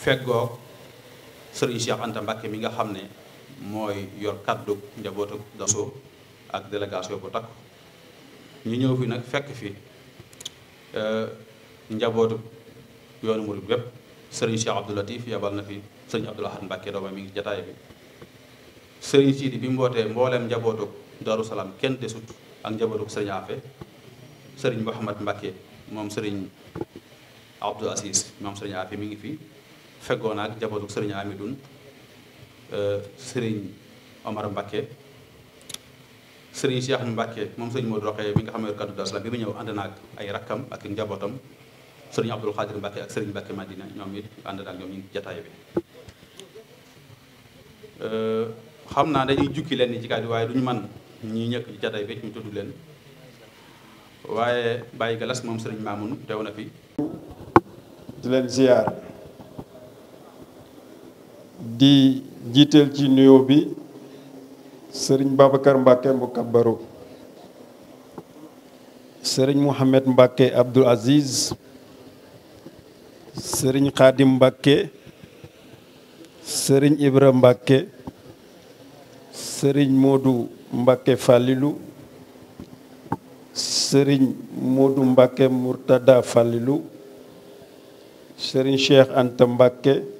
feggoog sëriñ Cheikh Anta Mbacke mi nga xam ne mooy yor kaddu njabootu Daso ak délégation bu takk ñu ñëw fi nag fekk fi euh, njabootu yoonu murid bépp sëriñ Cheikh Abdou Latif yabal na fi sëriñ Abdou Lahad Mbacke doomam mi ngi jataay bi sëriñ Sidi bi mu wootee mbooleem njabootu Darou Salaam kenn desut ak njabootu sëriñ Afe sëriñ Mouhamad Mbacke moom sëriñ Abdou Assis moom sëriñ Afe mi ngi fi. feggoo naag jabootu serigne Amidoun euh, serigne Omar Mbacke serigne Cheikh Mbacke mom serigne Modou Rokhaya bi nga xamé kaddu dal bi ñew andana ak ay rakam ak njabotam serigne Abdoul Khadir Mbacke ak serigne Mbacke Madina ñom it andana naag ñoom ñu jataay bi euh xamna dañuy jukki len ni ci kaddu waaye duñu man ñi ñëkk ci jotaay bi ñu tuddu len waye baye galas mom serigne Mamoun teew fi di len ziar di jiiteel ci nuyoo bi sëriñ Babacar Mbacke bu sëriñ Mouhamed Mbacke Abdoul Aziz sëriñ Khadim Mbacke sëriñ Ibra Mbacke sëriñ Modou Mbacke Fallilou sëriñ Modou Mbacke Mourtada Fallilou sëriñ Cheikh Anta Mbacke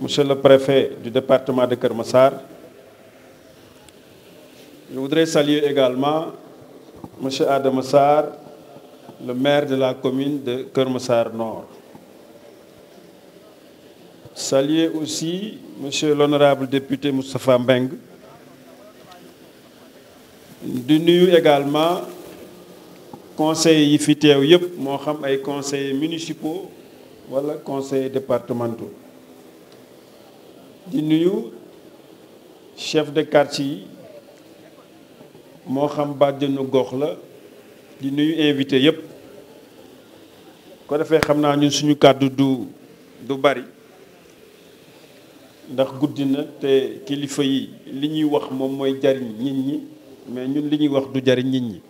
Monsieur le préfet du département de Kermassar, je voudrais saluer également Monsieur Adam le maire de la commune de Kermassar Nord. Saluer aussi Monsieur l'honorable député Moustapha Mbeng. De nous également conseil yi fi municipaux voilà départementaux. di nuyu chef de quartier yi moo xam bàjjenu gox la di nuyu invité yëpp ko defee xam naa ñun suñu kàddu du du bari ndax guddi na te kilifa yi li ñuy wax moom mooy jariñ nit ñi mais ñun li ñuy wax du jariñ nit ñi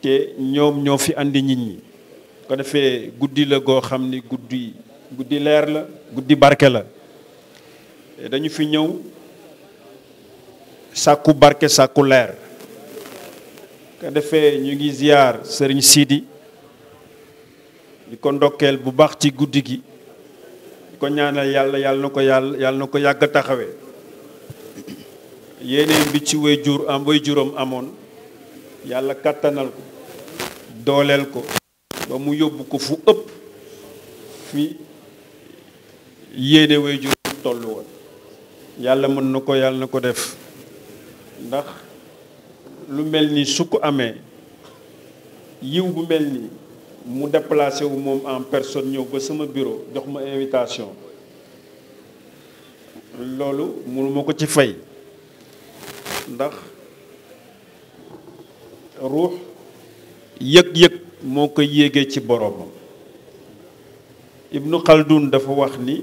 te ñoom ñoo fi andi nit ñi ko defee guddi la goo xam ni guddi guddi leer la guddi barke la dañu fi ñëw sàkku barke sàkku leer ka defee ñu ngi ziar sëriñ siidi di ko ndokkeel bu baax ci guddi gi di ko ñaanal yàlla yàlla na ko yàlla yàlla na ko yàgg a taxawee yéeneen bi way jur am way juram amoon yàlla kàttanal ko dooleel ko ba mu yóbbu ko fu ëpp fi yéene way juram tollu woon yàlla mën na ko yàlla na ko def ndax lu mel ni su ko amee yiw bu mel ni mu déplacé wu moom en personne ñëw ba sama bureau jox ma invitation loolu mënu ko ci fay ndax ruux yëg-yëg moo ko yéegee ci boroomam ibnu Khaldun dafa wax ni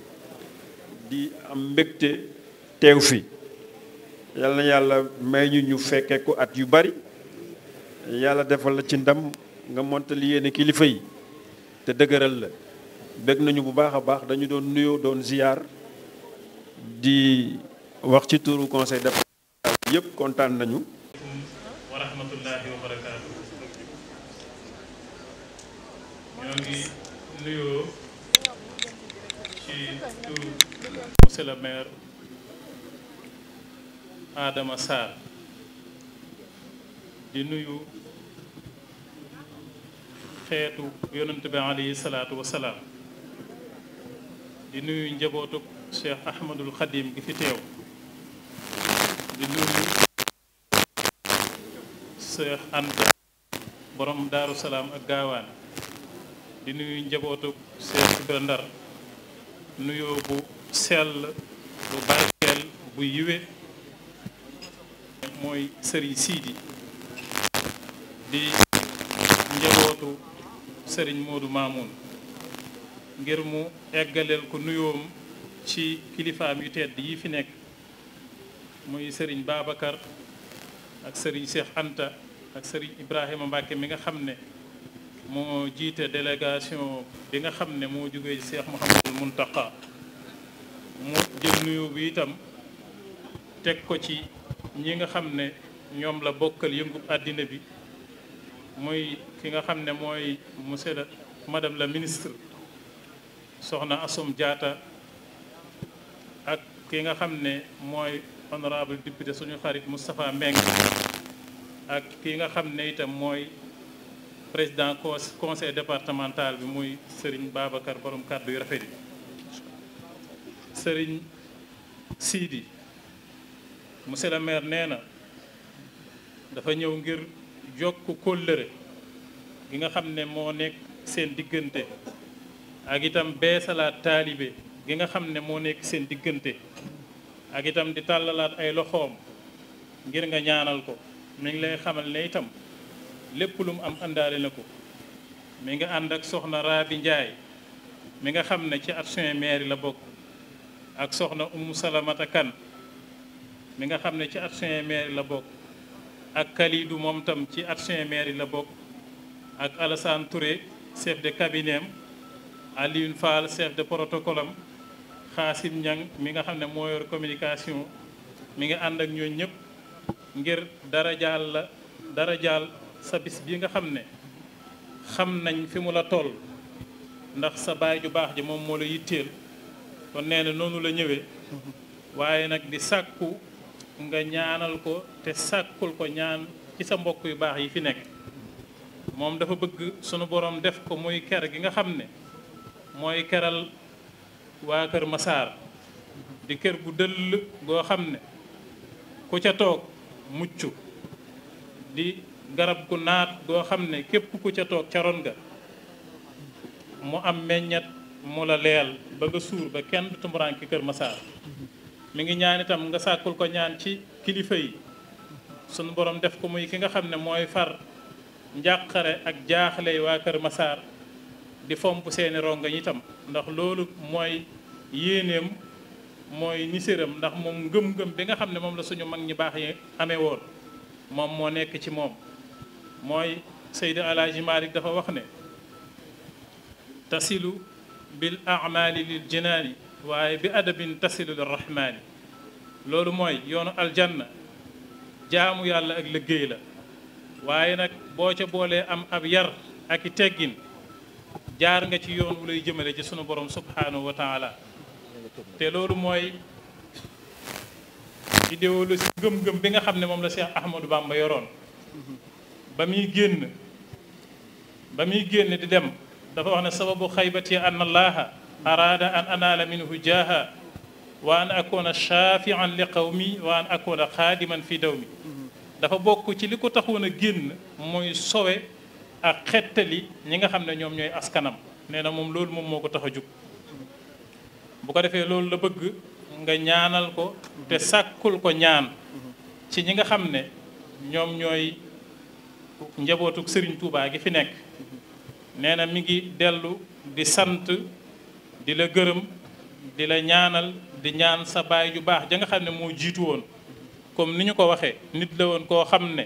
di am mbégte teew fi yal na yàlla may ñu ñu fekke ko at yu bari yàlla defal la ci ndam nga montal yéene kilifa yi te dëgëral la bég nañu bu baax a baax dañu doon nuyoo doon ziyaar di wax ci turu conseil départemental bi kontaan nañu monsieur aadama maire di nuyu xeetu yonent bi alayhi salaatu wasalaam di nuyu njabootuk Cheikh Ahmadul Xadim gi fi teew di nuyu Cheikh Anta borom Daaru Salaam ak Gaawaan di nuyu njabootuk Cheikh Ibra Ndar nuyoo bu sell bu barkeel bu yiwe mooy sëriñ siidi di njabootu sëriñ Moodu Maamun ngir mu eggaleel ko nuyoom ci kilifaam yu tedd yi fi nekk muy sëriñ Babacar ak sëriñ Cheikh Anta ak sëriñ Ibrahima Mbacke mi nga xam ne moo jiite délégation bi nga xam ne moo jógee Cheikh Mouhamadul Mountakha mu jël nuyu bi itam teg ko ci ñi nga xam ne ñoom la bokkal yëngu àddina bi muy ki nga xam ne mooy monsieur la madame la ministre soxna Assome jaata ak ki nga xam ne mooy honorable député suñu xarit Moustapha Mbengue ak ki nga xam ne itam mooy président conseil départemental bi muy Serigne Babacar borom kàddu yu rafet yi sëriñ siidi mu le maire nee na dafa ñëw ngir jokk kóllëre gi nga xam ne moo nekk seen diggante ak itam beesalaat taalibe nga xam ne moo nekk seen diggante ak itam di tàllalaat ay loxoom ngir nga ñaanal ko mi ngi lay xamal ne itam lépp lu mu am àndaale na ko mi nga ànd ak soxna Rabi Ndiaye mi nga xam ne ci action mairie la bokk ak soxna Umu Salamata Kan mi nga xamne ci adjoint maire la bok ak kali mom tam ci adjoint maire la bok ak Alassane Touré chef de cabinet am Fall chef de protocole khassim nyang Ñang mi nga xamne ne yor communication mi nga and ak ñoon ñep ngir dara jaal la dara jaal sa bis bi nga xamne ne xam nañ fi mu la toll ndax sa ju bax ji mom mo la yittel kon nee na noonu la ñëwee waaye nag di sàkku nga ñaanal ko te sàkkul ko ñaan ci sa mbokk yu baax yi fi nekk moom dafa bëgg sunu borom def ko muy ker gi nga xam ne mooy keral waa Kër Masaar di kër gu dëll goo xam ne ku ca toog mucc di garab gu naat goo xam ne képp ku ca toog ca ron ga mu am meññet mu la leel ba nga suur ba kenn du tumuraanke Kër Massar mi ngi ñaan itam nga sàkkul ko ñaan ci kilifa yi sunu borom def ko muy ki nga xam ne mooy far njàqare ak jaaxle waa Kër Massar di fomp seeni rongañ itam ndax loolu mooy yéeneem mooy niséram ndax moom ngëm-ngëm bi nga xam ne moom la suñu mag ñi baax yi amee woon moom moo nekk ci moom mooy Seydi Alaaji Maalik dafa wax ne tasilu بالاعmaali lil jinaani waaye bi adabin tasilu lir rahmaani loolu mooy yoonu aljanna jaamu yàlla ak liggéey la waaye nag boo ca boolee am ab yar ak i teggin jaar nga ci yoon wu lay ci sunu borom subhanahu wa taala te loolu mooy idéologie gëm-gëm bi nga xam ne moom la Cheikh Ahmadou Bamba yoroon ba génn ba génn di dem دفعنا سبب خيبتي أن الله أراد أن أنال منه جاها وأن أكون شافعا لقومي وأن أكون خادما في دومي دفع بوكو تلك تخون جن موي سوي أكتلي نيغا خمنا نيوم نيوي أسكنام نينا موم لول موم موكو تخجوك بوكا دفعي لول لبغ nga ñaanal ko te sakul ko ñaan ci ñi nga xam ne ñoom ñooy njabootug sëriñ tuubaa gi fi nekk nee na mi ngi dellu di sant di la gërëm di la ñaanal di ñaan sa baay ju baax ja nga xam ne moo jiitu woon comme ni ñu ko waxee nit la woon koo xam ne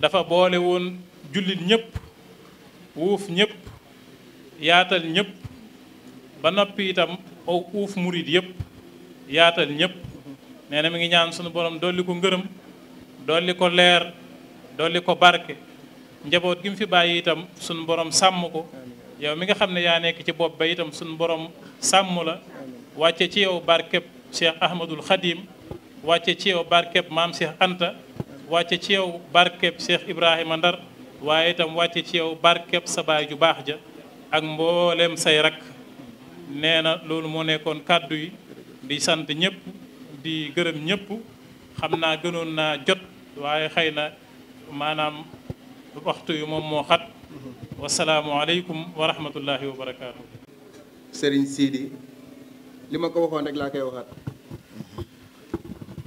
dafa boole woon jullit ñëpp wuuf ñëpp yaatal ñëpp ba noppi itam aw uuf murit yëpp yaatal ñëpp nee na mi ngi ñaan sunu borom dolli ko ngërëm dolli ko leer dolli ko barke njabot gi mu fi bàyyi itam sun borom sàmm ko yow mi nga xamne ya nek ci bop ba itam sun borom sàmm la wacce ci yow Cheikh Ahmadul Khadim wacce ci yow maam Cheikh Anta wacce ci yow barkeb Cheikh ibrahim Ndar waye itam wacce ci yow barkeb sa baay ju bax ja ak mbollem say rak neena na mo nekkon kaddu yi di sant ñepp di gëreem ñepp xamna gënon na jot waye xeyna na waxtu yu moom moo xat wasalaamualeykum wa rahmatullahi wa barakaatu. Serigne Sidi li ma ko waxoon rek laa koy waxaat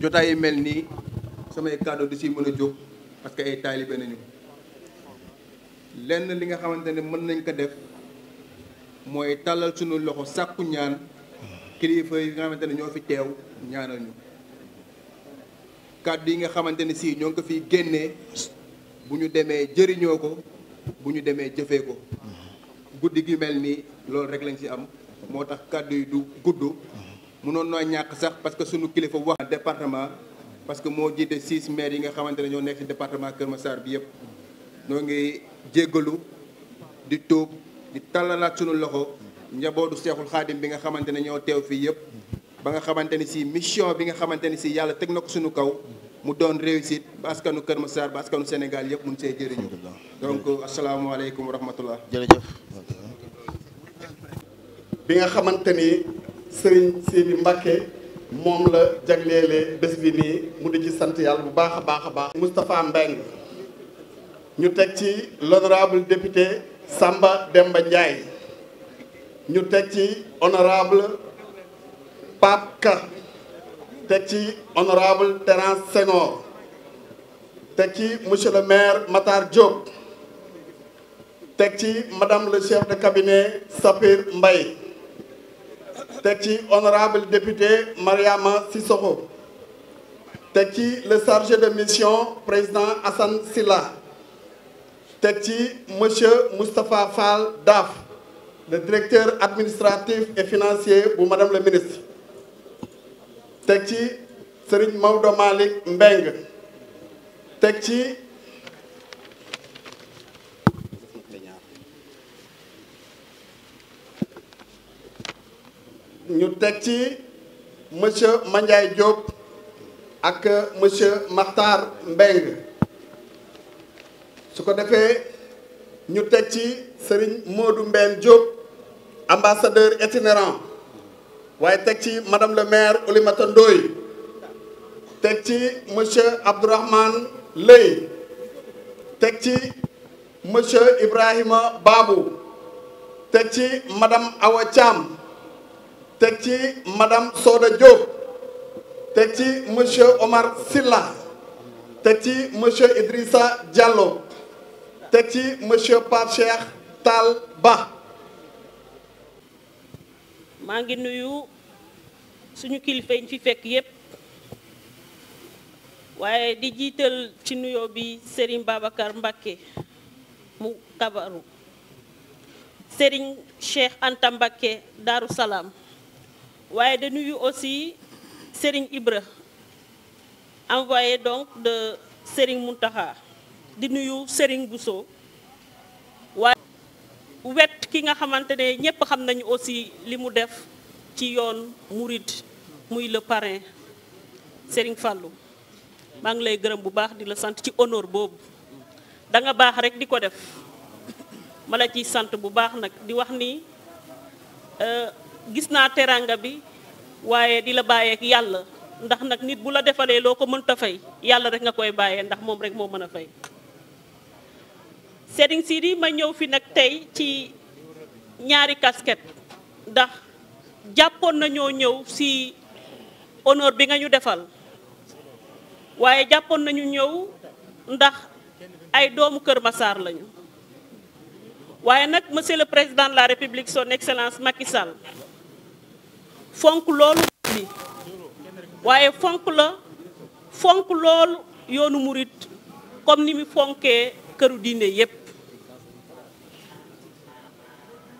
jotaay yi mel nii samay kàddu du si mën a jóg parce que ay taalibe nañu lenn li nga xamante ne mën nañ ko def mooy tàllal suñu loxo sàkku ñaan kilifa yi nga xamante ne ñoo fi teew ñaanal kàddu yi nga xamante ne si ñoo ngi ko fiy génnee. bu ñu demee jëriñoo ko bu ñu demee jëfee ko guddi gi mel nii loolu rek lañ ci am moo tax kàddu yi du gudd mënoon noo ñàkk sax parce que sunu kilifa wax département parce que moo jiite six maires yi nga xamante ne ñoo nekk ci département Kër Massar bi yëpp ñoo ngi jéggalu di tuub di tallalaat sunu loxo njabootu Seexul Xaadim bi nga xamante ne ñoo teew fii yëpp ba nga xamante ni si mission bi nga xamante ni si yàlla teg na ko suñu kaw mu doon réussite ba askanu Kër Massar ba askanu Sénégal yëpp mun see jëriñu donc asalaamaaleykum wa rahmatullah jërëjëf bi nga xamante ni Serigne Sidi Mbacké moom la jagleele bés bi nii mu di ci sant yàlla bu baax a baax a baax Moustapha Mbengue ñu teg ci l'honorable député Samba Demba njaay ñu teg ci honorable Pape T'es honorable Terence Senor, T'es monsieur le maire Matar Diop T'es madame le chef de cabinet Sapir Mbaye T'es honorable député Mariama Sissoko T'es le chargé de mission président Hassan Silla T'es monsieur Moustapha Fall Daf le directeur administratif et financier pour madame le ministre teg ci sëriñ Maodo Malick Mbeng teg ci ñu teg ci monsieur Mandiaye Diop ak monsieur Makhtar Mbeng su ko defee ñu teg ci Serigne Modou Mbène Diop ambassadeur itinérant waaye madame le maire Olimatondoy, Ndoye monsieur Abdourahmane Ley. teg ci monsieur Ibrahima Babou teg madame Awa Cham, madame Soda Diop teg monsieur Omar Silla teg monsieur Idrissa Diallo teg monsieur Pape Cheikh Tal Ba mangi nuyu suñu kilifa ñu fi fekk yépp waaye di jiital ci nuyoo bi Serigne Babacar mu kabaru Serigne Cheikh Anta Mbacké Daru Salaam waaye da nuyu aussi Serigne Ibra envoyé donc de Serigne mountaha di nuyu Serigne Bousso wet ki nga xamantene ñepp xam nañu aussi limu def ci yoon murid muy le parrain Serigne Fallou ma ngi lay gërëm bu baax di la sante ci honneur boobu da nga baax rek di def mala ci sante bu baax nak di wax ni euh, gis na teranga bi waye di la ak yalla ndax nak nit bu la defale loko mën ta fay yalla rek nga koy baye ndax mom rek mo meuna fay sering Sidi ma ñëw fi chi nyari ci ñaari casquette ndax jàppoon si honor bi nga ñu defal waaye jàppoon nañu dah ndax ay doomu Kër Massar lañu waaye nak monsieur le président la république son excellence Macky Sall fonk loolu bi waaye fonk la fonk loolu murit comme ni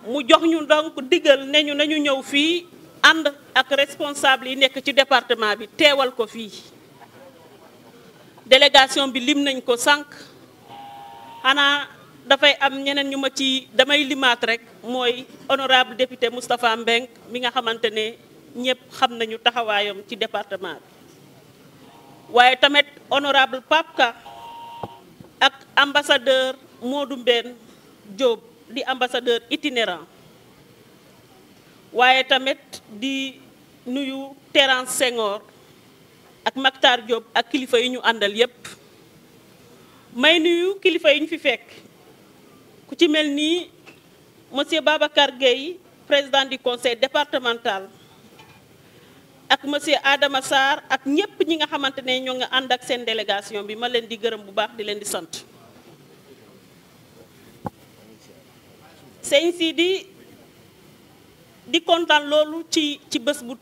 mu jox ñu donc digal ne ñu nañu ñëw fii ànd ak responsable yi nekk ci département bi teewal ko fii délégation bi lim nañ ko sànq xanaa dafay am ñeneen ñu ma ci damay limaat rek mooy honorable député Moustapha Mbeng mi nga xamante ne ñëpp xam nañu taxawaayam ci département bi waaye tamit honorable Papka ak ambassadeur Modou mbenn Diop di ambassadeur itinérant waaye tamit di nuyu Terence Senghor ak Mactar Diop ak kilifa yi ñu àndal yépp may nuyu kilifa yi ñu fi fekk ku ci mel nii monsieur Babacar Gueye président du conseil départemental ak mosier Adama saar ak ñëpp ñi nga xamante ne ñoo nga ànd ak seen délégation bi ma leen di gërëm bu baax di leen di sant sëñ sidi di di kontaan loolu ci ci bes bu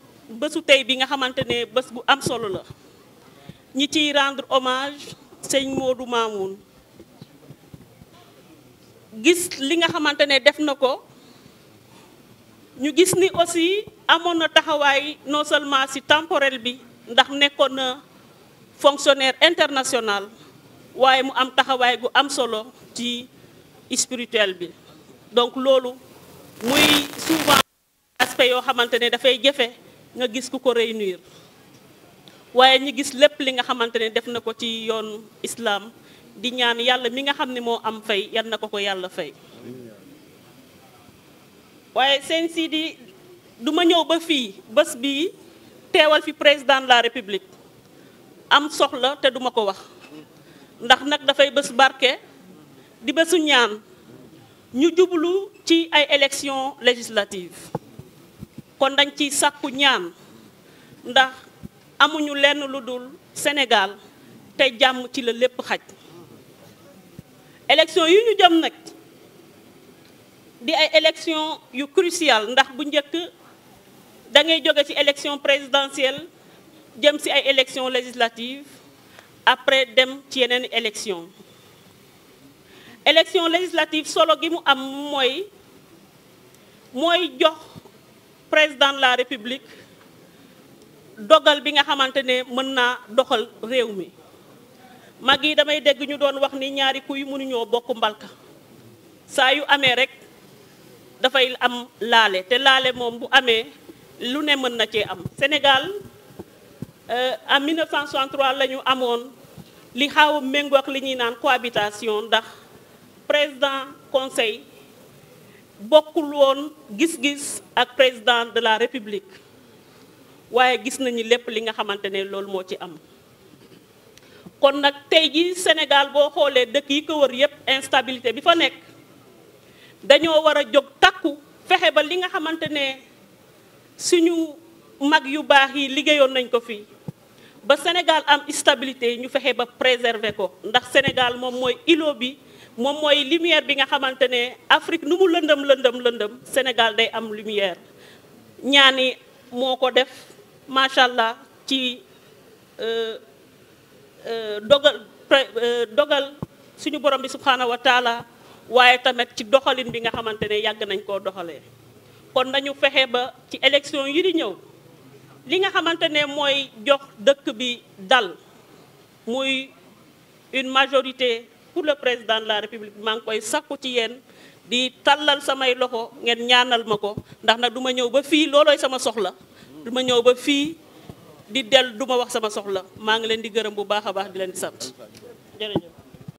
besu tay bi nga xamantene ne bu am solo la ñi ci rendre hommage seigne Modou Mamoun gis li nga xamantene ne def nako ñu gis ni aussi amono na non seulement si temporel bi ndax nekkone fonctionnaire international waye mu am taxaway gu am solo ci spirituel bi donc loolu muy souvent aspect yo xamantene da fay jafe nga gis kuko réunir waye ñi gis lepp li nga xamantene ne def na ci yoonu islam di ñaan yalla mi nga xamni mo am fay yal nako ko yalla fay waye sen sidi duma ñew ba fi bës bi téwal fi président de la république am soxla té duma ko wax ndax nak da fay bës barké di bésu ñaan nous jublu ci ay élections législatives kon dañ ci sàkku ñaan ndax amuñu lenn lu dul Sénégal te jamm ci la lépp xaj élections yu ñu jëm nak di ay élections yu crucial ndax bu njëkk da ngay joggé ci élection présidentielle jëm ci ay élections législatives après dem ci yenen élections élection législative solo gi mu am mooy mooy jox président la république dogal bi nga xamante ne mën naa doxal réew mi mag yi damay dégg ñu doon wax ni ñaari kuy mënuñoo bokk mbalka saa yu amee rek dafay am laale te laale moom bu amee lu ne mën na cee am Sénégal euh, en 1963 la ñu amoon li xaaw a ak li ñuy naan cohabitation ndax président conseil beaucoup woon gis-gis ak président de la république waye gis nañu lepp li nga xamantene lool mo ci am kon nak tey ji Sénégal bo xolé dekk yi ko wër yépp instabilité bi fa nek dañoo wara jog takku fexé ba li nga xamantene suñu mag yu baax yi ligéyon nañ ko fi ba Sénégal am stabilité ñu fexé ba préserver ko ndax Sénégal mom moy îlot bi mom moy lumière bi nga xamantene Afrique numu mu lëndëm lëndëm Sénégal day am lumière ñaani moko def macha ci euh, euh, dogal euh, dogal suñu borom bi subhanahu wa taala waye tamet ci doxalin bi nga xamantene yag nañ ko doxale kon nañu fexé ba ci élection yi di li nga xamantene moy jox dëkk bi dal muy une majorité pour le président de la république mang koy sakku ci yenn di talal samay loxo ngeen ñaanal mako ndax nag duma ñew ba fi loloy sama soxla duma ñew ba fi di del duma wax sama soxla mang leen di gërëm bu baaxa baax di leen sante jërëjëf